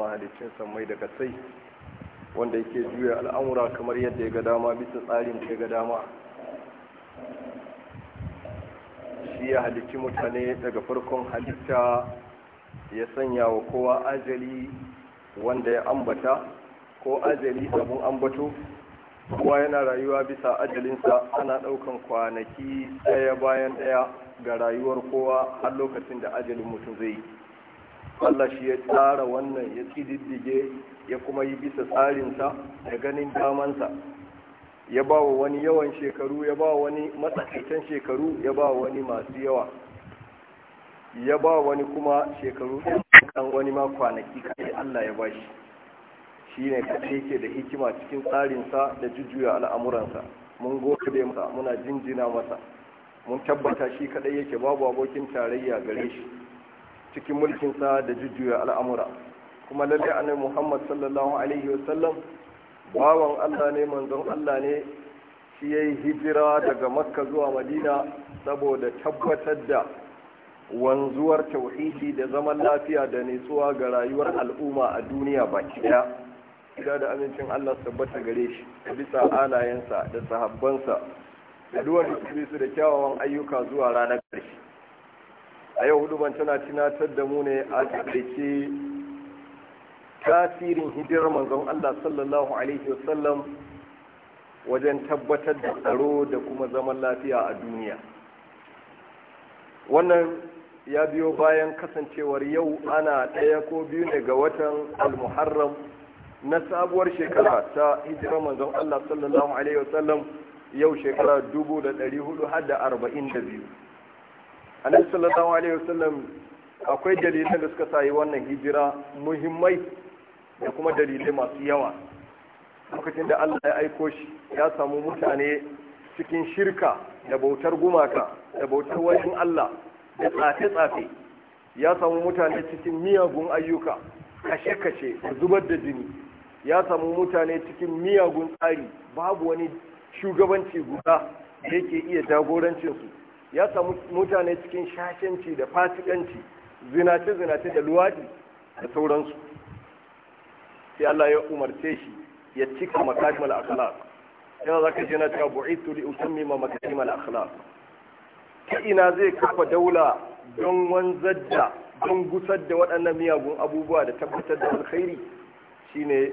mahalicin samai da kasai wanda yake juya al'amura kamar yadda ya ga dama bisa tsarin ya ga dama shi ya halicci mutane daga farkon halitta ya sanya wa kowa ajali wanda ya ambata ko ajali abin ambato kowa yana rayuwa bisa ajalinsa ana ɗaukan kwanaki ɗaya bayan ɗaya ga rayuwar kowa har lokacin da ajalin mutum zai yi Allah shi ya tsara wannan ya tsididdige ya kuma yi bisa tsarinsa da ganin damansa ya ba wa wani yawan shekaru ya ba wani matsakaitan shekaru ya ba wani masu yawa ya ba wani kuma shekaru ɗan wani ma kwanaki kai Allah ya ba shi shi ne kaɗai ke da hikima cikin tsarinsa da jujjuya al'amuransa mun gode masa muna jinjina masa mun tabbata shi kaɗai yake babu abokin tarayya gare shi cikin mulkinsa da jujjuya al'amura kuma lalle annabi Muhammad sallallahu alaihi wasallam bawan Allah ne manzon Allah ne shi yayi hijira daga Makka zuwa Madina saboda tabbatar da wanzuwar tauhidi da zaman lafiya da nitsuwa ga rayuwar al'umma a duniya baki daya gida da amincin Allah tabbata gare shi bisa alayensa da sahabbansa da duwar su da kyawawan ayyuka zuwa ranar ƙarshe a yau hudu ban tana tunatar da mu ne a taƙaice tasirin hijirar manzon Allah sallallahu alaihi wasallam wajen tabbatar da tsaro da kuma zaman lafiya a duniya wannan ya biyo bayan kasancewar yau ana ɗaya ko biyu ne ga watan al-muharram na sabuwar shekara ta hijirar manzon Allah sallallahu alaihi wasallam yau shekara biyu. annabi sallallahu alaihi wasallam akwai dalilan da suka sayi wannan hijira muhimmai da kuma dalilai masu yawa lokacin da Allah ya aiko shi ya samu mutane cikin shirka da bautar gumaka da bautar wajen Allah da tsafe-tsafe ya samu mutane cikin miyagun ayyuka kashe-kashe da zubar da jini ya samu mutane cikin miyagun tsari babu wani shugabanci guda da yake iya jagorancinsu ya samu mutane cikin shashanci da fasikanci zinace zinace da luwadi da sauransu sai Allah ya umarce shi ya cika makarimal akhlaq yana ka ji na cewa bu'itu li utammima makarimal akhlaq ta ina zai kafa daula don wanzar da don gusar da waɗannan miyagun abubuwa da tabbatar da alkhairi shine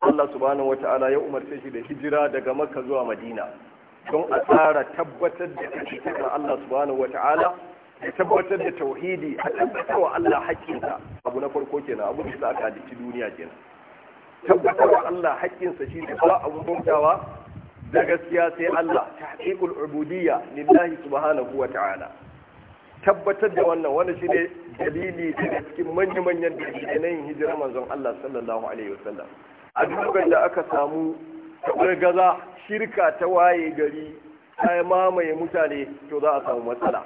Allah subhanahu ta'ala ya umarce shi da hijira daga Makka zuwa Madina don a tsara tabbatar da cikin Allah subhanahu ta'ala da tabbatar da tauhidi a tabbatar wa Allah haƙƙinsa abu na farko kenan abu da aka dace duniya kenan tabbatar wa Allah haƙƙinsa shi ne ba abu bautawa da gaskiya sai Allah tahqiqul ubudiyya lillahi subhanahu ta'ala. tabbatar da wannan wani shi ne dalili da cikin manya-manyan dalilai na yin hijirar manzon Allah sallallahu alaihi wasallam a duk da aka samu gaza shirka ta waye gari ta mamaye mutane to za a samu matsala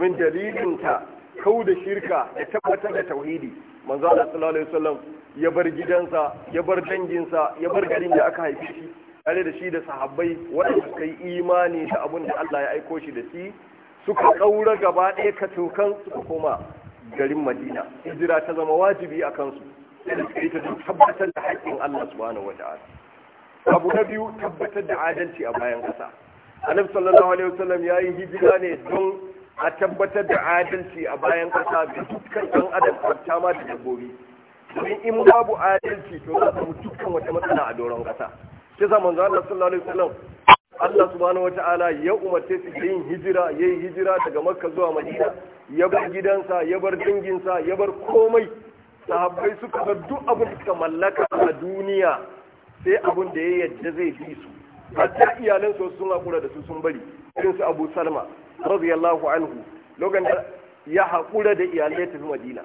min dalilinta kau da shirka da tabbatar da tauhidi manzo Allah sallallahu alaihi wasallam ya bar gidansa ya bar danginsa ya bar garin da aka haife shi tare da shi da sahabbai waɗanda suka yi imani da abin da Allah ya aiko shi da shi suka ɗaura gaba ɗaya katokan suka koma garin Madina hijira ta zama wajibi a kansu sai da suka tabbatar da haƙƙin Allah subhanahu wa ta'ala abu na biyu tabbatar da adalci a bayan ƙasa annabi sallallahu alaihi wasallam ya yi hijira ne don a tabbatar da adalci a bayan ƙasa da dukkan ɗan adam kwanta ma da dabbobi domin in babu adalci to za samu dukkan wata matsala a doron ƙasa shi sa manzo Allah sallallahu alaihi wasallam Allah subhanahu wata'ala ya umarce su yin hijira yayi hijira daga makka zuwa madina ya bar gidansa ya bar dinginsa ya bar komai sahabbai suka bar duk abin da suka mallaka a duniya sai abun da ya yadda zai bi su hatta iyalan su sun haƙura da su sun bari irin su Abu Salma radiyallahu anhu lokacin da ya haƙura da iyalai tafi Madina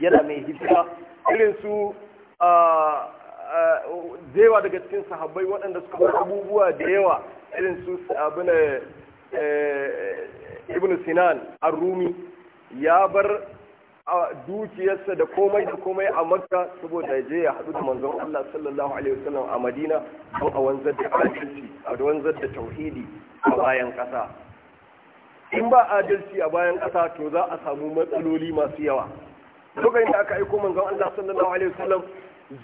yana mai hijira irin su zewa daga cikin sahabbai waɗanda suka bar abubuwa da yawa irin su abin eh, eh, ibn Sinan ar-Rumi ya bar a dukiyarsa da komai da komai a makka saboda je ya haɗu da manzon Allah sallallahu alaihi wasallam a Madina don a wanzar da adalci a wanzar da tauhidi a bayan ƙasa in ba adalci a bayan ƙasa to za a samu matsaloli masu yawa lokacin da aka aiko manzon Allah sallallahu alaihi wasallam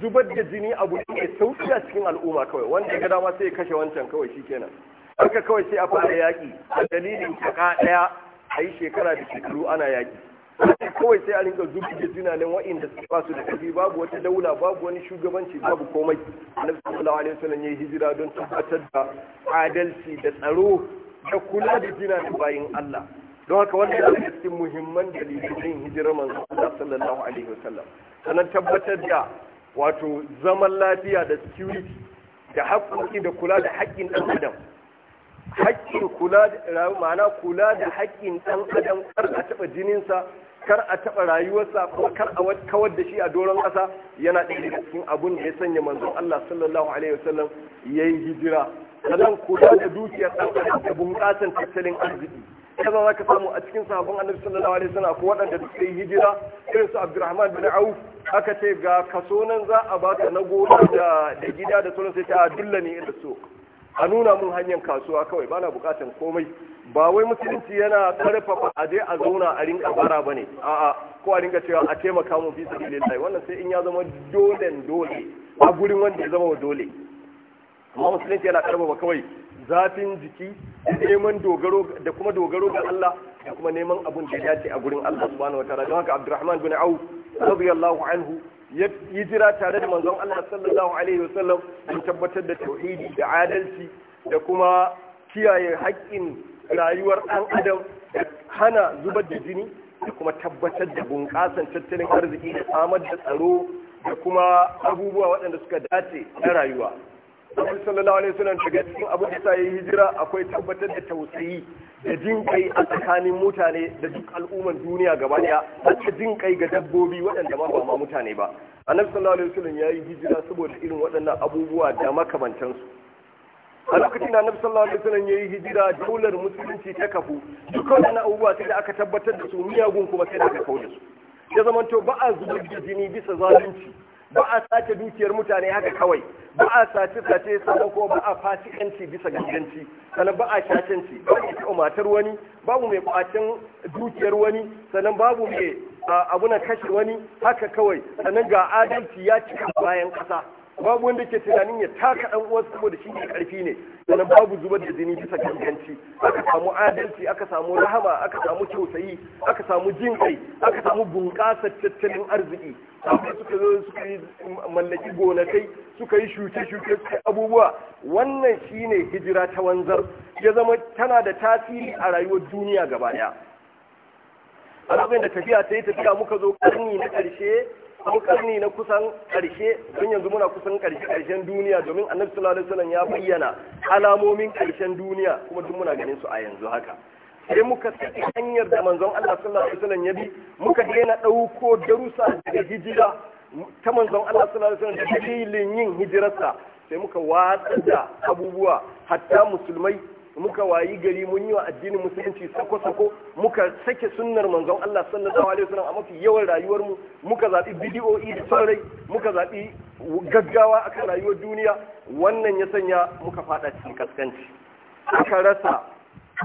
zubar da jini abu ne mai sauki a cikin al'umma kawai wanda ga dama sai ya kashe wancan kawai shikenan haka kawai sai a fara yaƙi a dalilin kaka ɗaya a yi shekara da shekaru ana yaƙi kawai sai a rinka zubi zina tunanin wa'inda su ba su da ƙarfi babu wata daula babu wani shugabanci babu komai annabi sallallahu alaihi wasallam yi hijira don tabbatar da adalci da tsaro da kula da tunanin bayin Allah don haka wanda yana daga cikin muhimman dalilin hijirar manzo Allah sallallahu alaihi wasallam sannan tabbatar da wato zaman lafiya da security da haƙƙoƙi da kula da haƙƙin ɗan adam haƙƙin kula da rayu ma'ana kula da haƙƙin ɗan adam kar a taɓa jininsa kar a taɓa rayuwarsa ko kar a kawar da shi a doron ƙasa yana ɗaya daga cikin abun da ya sanya manzon Allah sallallahu alaihi wasallam ya yi hijira sannan kula da dukiyar ɗan adam da bunƙasan tattalin arziki kaza za ka samu a cikin sahabban annabi sallallahu alaihi wasallam ko waɗanda da suka yi hijira irin su Abdurrahman bin Auf aka ce ga kaso nan za a baka na gona da gida da sauran sai ta ah, dulla ne ya so a nuna mun hanyar kasuwa kawai bana bukatan komai ba wai musulunci yana karfafa a je a zauna a rinka bara ne a'a ko a rinka cewa a taimaka mu fi sabilillahi wannan sai in ya zama dole dole a gurin wanda ya zama wa dole amma musulunci yana karfafa kawai zafin jiki neman dogaro da kuma dogaro ga Allah da kuma neman abun da ya dace a gurin Allah subhanahu wataala don haka Abdurrahman bin Auf radiyallahu anhu ya hijira tare da manzon Allah sallallahu alaihi wasallam an tabbatar da tauhidi da adalci da kuma kiyaye haƙƙin rayuwar ɗan adam da hana zubar da jini da kuma tabbatar da bunƙasan tattalin arziki da samar da tsaro da kuma abubuwa waɗanda suka dace na rayuwa. Abu sallallahu alaihi wasallam daga cikin abin da sa yi hijira akwai tabbatar da tausayi da jin kai a tsakanin mutane da duk al'umman duniya gaba daya har da jin kai ga dabbobi waɗanda ba ma mutane ba annabi sallallahu alaihi wasallam yayi hijira saboda irin waɗannan abubuwa da makamantan a lokacin da annabi sallallahu alaihi wasallam yayi hijira daular musulunci ta kafu duk waɗannan abubuwa sai da aka tabbatar da su miyagun kuma sai da aka kauda su ya zamanto ba a zubar da jini bisa zalunci ba a sace dukiyar mutane haka kawai ba a sace sace sannan ko ba a yanci bisa ganganci sannan ba a shacanci ba a taɓa matar wani babu mai kwacin dukiyar wani sannan babu mai abuna kashe wani haka kawai sannan ga adalci ya cika bayan ƙasa babu wanda ke tunanin ya taka dan uwansa saboda shi ne karfi ne sannan babu zubar da jini bisa kankanci aka samu adalci aka samu rahama aka samu tausayi aka samu jin kai aka samu bunƙasar tattalin arziki sabai suka zo suka yi mallaki gonakai suka yi shuke-shuke suka abubuwa wannan shine hijira ta wanzar ya zama tana da tasiri a rayuwar duniya gaba daya a lokacin da tafiya ta yi tafiya muka zo karni na ƙarshe an karni na kusan karshe don yanzu muna kusan karshe karshen duniya domin annabi sallallahu alaihi wasallam ya bayyana alamomin karshen duniya kuma duk muna ganin su a yanzu haka sai muka saki hanyar da manzon Allah sallallahu alaihi wasallam ya bi muka daina dauko darussa daga hijira ta manzon Allah sallallahu alaihi wasallam da dalilin yin hijirarsa sai muka watsa da abubuwa hatta musulmai muka wayi gari mun yi wa addinin musulunci sako-sako muka sake sunnar manzon Allah sallallahu alaihi wasallam a mafi yawan rayuwar mu muka zaɓi bidiyo'i da sarai muka zaɓi gaggawa akan rayuwar duniya wannan ya sanya muka fada cikin kaskanci aka rasa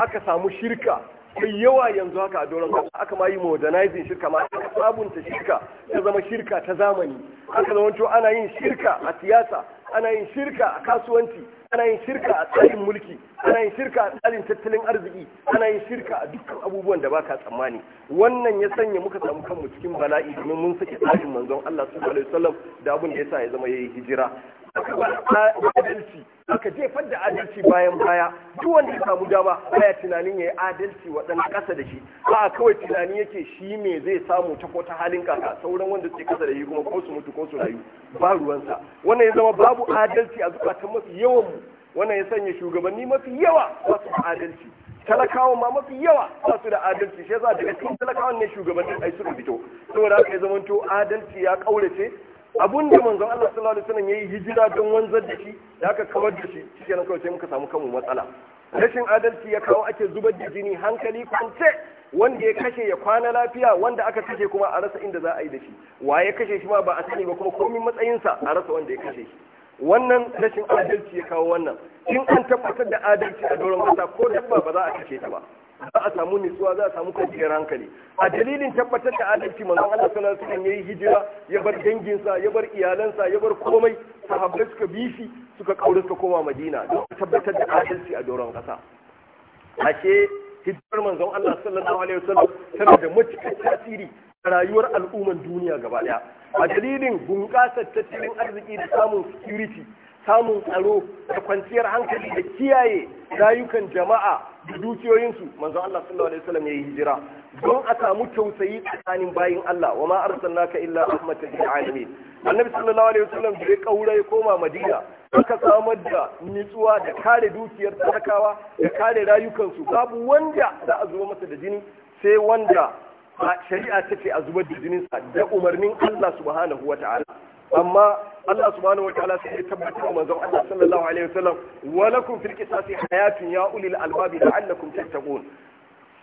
aka samu shirka mai yawa yanzu haka a doron kasa aka ma yi modernizing shirka ma aka sabunta shirka ta zama shirka ta zamani aka zama ana yin shirka a siyasa ana yin shirka a kasuwanci ana yin shirka a tsarin mulki ana yin shirka a tsarin tattalin arziki ana yin shirka a dukkan abubuwan da baka tsammani wannan ya sanya muka samu kanmu cikin bala'i domin mun sake tsarin manzon Allah sallallahu alaihi wasallam da abin da yasa ya zama yayi hijira aka adalci aka jefar da adalci bayan baya duk wanda ya samu dama baya tunanin ya yi adalci waɗanda ƙasa da shi ba kawai tunani yake shi me zai samu ta ko ta halin kaka sauran wanda suke ƙasa da shi kuma ko su mutu ko su rayu ba ruwansa wannan ya zama babu adalci a zukatan mafi yawan mu wannan ya sanya shugabanni mafi yawa ba su da adalci talakawa ma mafi yawa ba su da adalci shi yasa daga cikin talakawan ne shugabannin ai suka fito saboda haka ya zamanto adalci ya ƙaurace. abun da manzon Allah sallallahu alaihi wasallam yayi hijira don wanzar da shi da aka kawar da shi shikenan kawai sai muka samu kanmu matsala rashin adalci ya kawo ake zubar da jini hankali kwance wanda ya kashe ya kwana lafiya wanda aka kashe kuma a rasa inda za a yi da shi wa ya kashe shi ma ba a sani ba kuma komin matsayinsa a rasa wanda ya kashe shi wannan rashin adalci ya kawo wannan in an tabbatar da adalci a doron kasa ko dabba ba za a kashe ta ba za a samu nutsuwa za a samu kwanciyar hankali a dalilin tabbatar da adalci manzon Allah sallallahu alaihi wasallam yayi hijira ya bar danginsa ya bar iyalansa ya bar komai sahabbai suka bishi, suka kaure suka koma Madina don tabbatar da adalci a doron kasa ashe hijirar manzon Allah sallallahu alaihi wasallam tana da matuƙar tasiri a rayuwar al'umman duniya gaba daya a dalilin bunƙasar tattalin arziki da samun security samun tsaro da kwanciyar hankali da kiyaye rayukan jama'a da dukiyoyinsu manzo Allah sallallahu alaihi wasallam yayi hijira don a samu tausayi tsakanin bayin Allah wa ma arsalnaka illa rahmatan lil alamin annabi sallallahu alaihi wasallam da ya kaura ya koma madina aka samar da nitsuwa da kare dukiyar talakawa da kare rayukansu babu wanda za a zuba masa da jini sai wanda shari'a ta ce a zubar da jininsa da umarnin Allah subhanahu wa ta'ala amma Allah subhanahu wa ta'ala sai ya tabbatar wa manzon Allah sallallahu alaihi wa sallam. wa lakum fil qisasi hayatun ya ulil albab la'allakum tattaqun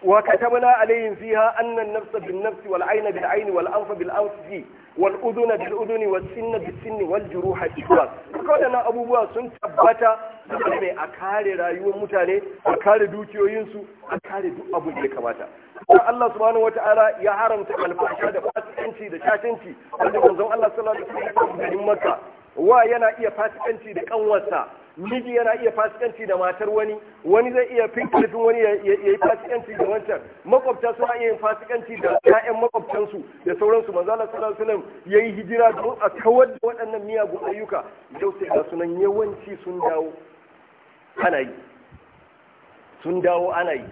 wa katabna alaihim fiha anna an-nafsa bin-nafsi wal-'ayna bil-'ayni wal-anfa bil-anfi wal-udhuna bil-udhuni was-sinna bis-sinni wal-juruha qisas kodannan abubuwa sun tabbata saboda a kare rayuwar mutane a kare dukiyoyinsu a kare duk abin da ya kamata Allah subhanahu wa ta'ala ya haramta alfasha da fasik fasikanci da cacinci wanda manzon Allah sallallahu alaihi wasallam ya yi wa yana iya fasikanci da kanwarsa miji yana iya fasikanci da matar wani wani zai iya finkalfin wani ya yi fasikanci da wancan makwabta suna iya yin fasikanci da ƴaƴan makwabtansu da sauransu manzo Allah sallallahu alaihi wasallam yayi hijira don a kawar da waɗannan miyagun ayyuka yau sai ga sunan yawanci sun dawo ana yi sun dawo ana yi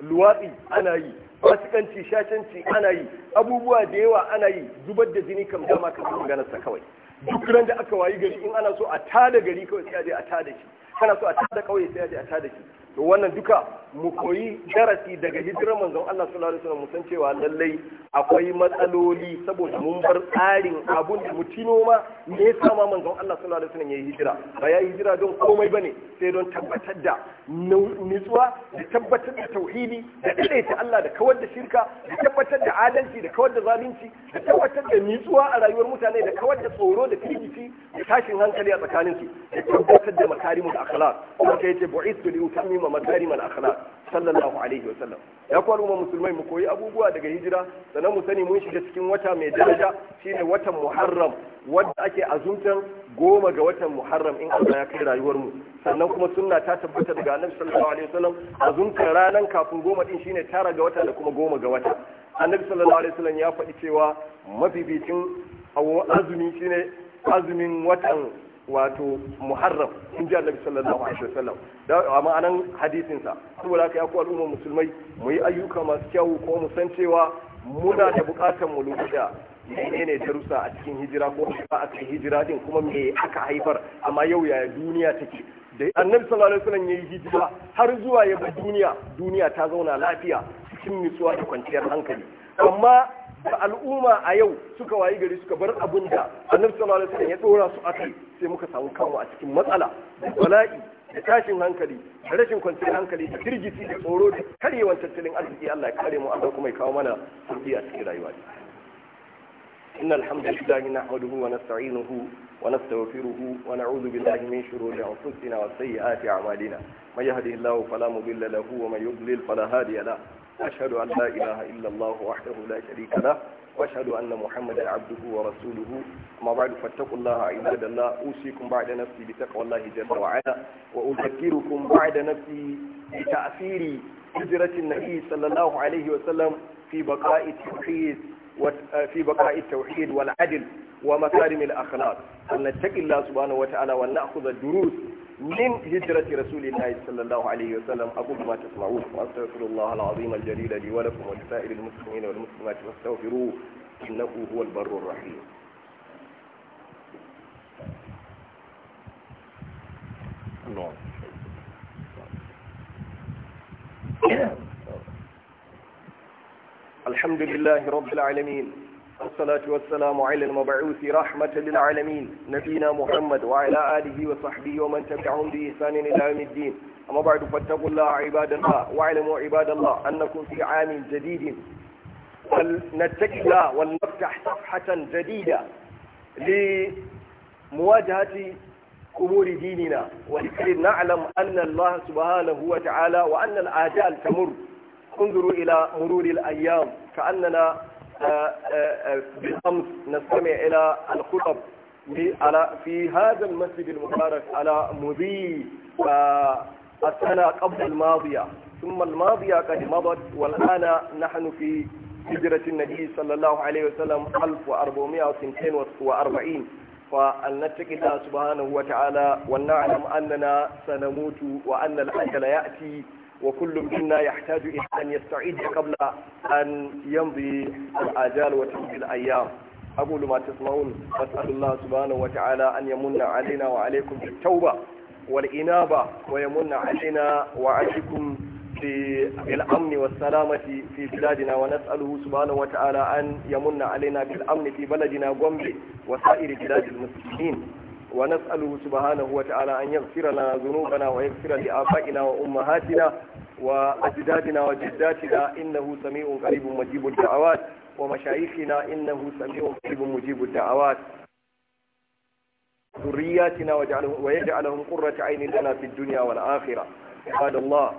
luwatsi ana yi fasikanci shashanci ana yi abubuwa da yawa ana yi zubar da jini kam dama kan maganarsa kawai duk ran da aka wayi gari in ana so a tada gari kawai sai a je a tada shi kana so a tada kawai sai a je a tada shi to wannan duka mu koyi darasi daga hijirar manzon Allah sallallahu alaihi wasallam san cewa lallai akwai matsaloli saboda mun bar tsarin abun da mu tino ma me yasa ma manzon Allah sallallahu alaihi wasallam yayi hijira ba yayi hijira don komai bane sai don tabbatar da nutsuwa da tabbatar da tauhidi da daidaita Allah da kawar da shirka da tabbatar da adalci da kawar da zalunci da tabbatar da nutsuwa a rayuwar mutane da kawar da tsoro da firgici da tashin hankali a tsakaninsu da tabbatar da makarimul akhlaq kuma sai yace bu'ithu li utammima makarim al-akhlaq sallallahu alaihi wa sallam ya ku al'umma musulmai mu koyi abubuwa daga hijira sannan mu sani mun shiga cikin wata mai daraja shine watan muharram wanda ake azumtan goma ga watan muharram in Allah ya kai rayuwar mu sannan kuma sunna ta tabbata daga annabi sallallahu alaihi wa sallam azumtan ranan kafin goma din shine tara ga wata da kuma goma ga wata annabi sallallahu alaihi wa sallam ya faɗi cewa mafificin azumi shine azumin watan wato muharram in ji annabi sallallahu alaihi wasallam da a ma'anan hadisin sa saboda haka ya al'umma musulmai mu yi ayyuka masu kyau ko mu san cewa muna da bukatar mu lokuta menene rusa a cikin hijira ko ba a cikin hijira din kuma me aka haifar amma yau yaya duniya take da annabi sallallahu alaihi wasallam yayi hijira har zuwa ya duniya duniya ta zauna lafiya cikin nutsuwa da kwanciyar hankali amma da al'umma a yau suka wayi gari suka bar abin da annabi sallallahu alaihi wasallam ya dora su akai sai muka samu kanmu a cikin matsala bala'i da tashin hankali da rashin kwanciyar hankali da firgici da tsoro da karyewan tattalin arziki Allah ya kare mu Allah kuma ya kawo mana sauki a cikin rayuwa إن الحمد لله نحمده ونستعينه ونستغفره ونعوذ بالله من شرور أنفسنا وسيئات أعمالنا من يهده الله فلا مضل له ومن يضلل فلا هادي له أشهد أن لا إله إلا الله وحده لا شريك له وأشهد أن محمدا عبده ورسوله أما بعد فاتقوا الله عباد الله أوصيكم بعد نفسي بتقوى الله جل وعلا وأذكركم بعد نفسي بتأثير هجرة النبي صلى الله عليه وسلم في بقاء التوحيد في بقاء التوحيد والعدل ومكارم الأخلاق أن نتقي الله سبحانه وتعالى ونأخذ الدروس من هجرة رسول الله صلى الله عليه وسلم أقول ما تسمعون وأستغفر الله العظيم الجليل لي ولكم ولسائر المسلمين والمسلمات فاستغفروه إنه هو البر الرحيم الحمد لله رب العالمين والصلاة والسلام على المبعوث رحمة للعالمين نبينا محمد وعلى آله وصحبه ومن تبعهم بإحسان إلى يوم الدين أما بعد فاتقوا الله عباد الله واعلموا عباد الله أنكم في عام جديد فلنتقي الله ولنفتح صفحة جديدة لمواجهة أمور ديننا ولكي نعلم أن الله سبحانه وتعالى وأن الآجال تمر انظروا إلى مرور الأيام كأننا آه، آه، آه، بالأمس نستمع إلى الخطب على في هذا المسجد المبارك على مضي السنة قبل الماضية ثم الماضية قد مضت والآن نحن في هجرة النبي صلى الله عليه وسلم 1442 فلنتقي الله سبحانه وتعالى ولنعلم أننا سنموت وأن الأجل يأتي وكل منا يحتاج إلى أن يستعيد قبل أن يمضي الآجال وتمضي الأيام أقول ما تسمعون وأسأل الله سبحانه وتعالى أن يمن علينا وعليكم بالتوبة والإنابة ويمن علينا وعليكم بالأمن والسلامة في بلادنا ونسأله سبحانه وتعالى أن يمن علينا بالأمن في بلدنا قمبي وسائر بلاد المسلمين ونسأله سبحانه وتعالى أن يغفر لنا ذنوبنا ويغفر لآبائنا وأمهاتنا وأجدادنا وجداتنا إنه سميع قريب مجيب الدعوات ومشايخنا إنه سميع قريب مجيب الدعوات ذرياتنا ويجعلهم قرة عين لنا في الدنيا والآخرة عباد الله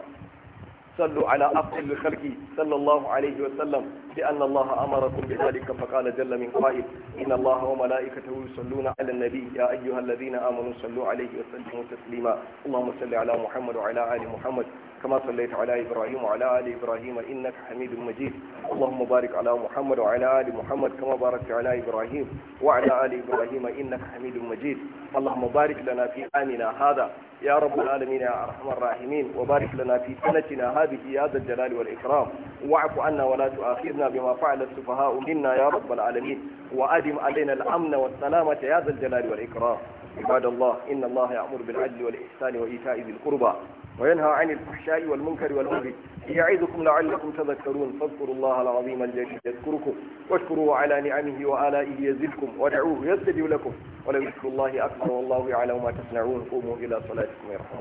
صلوا على أفضل خلقه صلى الله عليه وسلم لأن الله أمركم بذلك فقال جل من قائل إن الله وملائكته يصلون على النبي يا أيها الذين آمنوا صلوا عليه وسلموا تسليما اللهم صل على محمد وعلى آل محمد كما صليت على إبراهيم وعلى آل إبراهيم إنك حميد مجيد اللهم بارك على محمد وعلى آل محمد كما باركت على إبراهيم وعلى آل إبراهيم إنك حميد مجيد اللهم بارك لنا في آمنا هذا يا رب العالمين يا أرحم الراحمين وبارك لنا في سنتنا هذه يا ذا الجلال والإكرام واعف عنا ولا تؤاخذنا بما فعل السفهاء منا يا رب العالمين وأدم علينا الأمن والسلامة يا ذا الجلال والإكرام عباد الله إن الله يأمر بالعدل والإحسان وإيتاء ذي القربى وينهى عن الفحشاء والمنكر والبغي يعظكم لعلكم تذكرون فاذكروا الله العظيم الجليل يذكركم واشكروه على نعمه وآلائه يزدكم ودعوه يستجب لكم ولو ذكر الله أكبر والله يعلم ما تصنعون قوموا إلى صلاتكم يرحمكم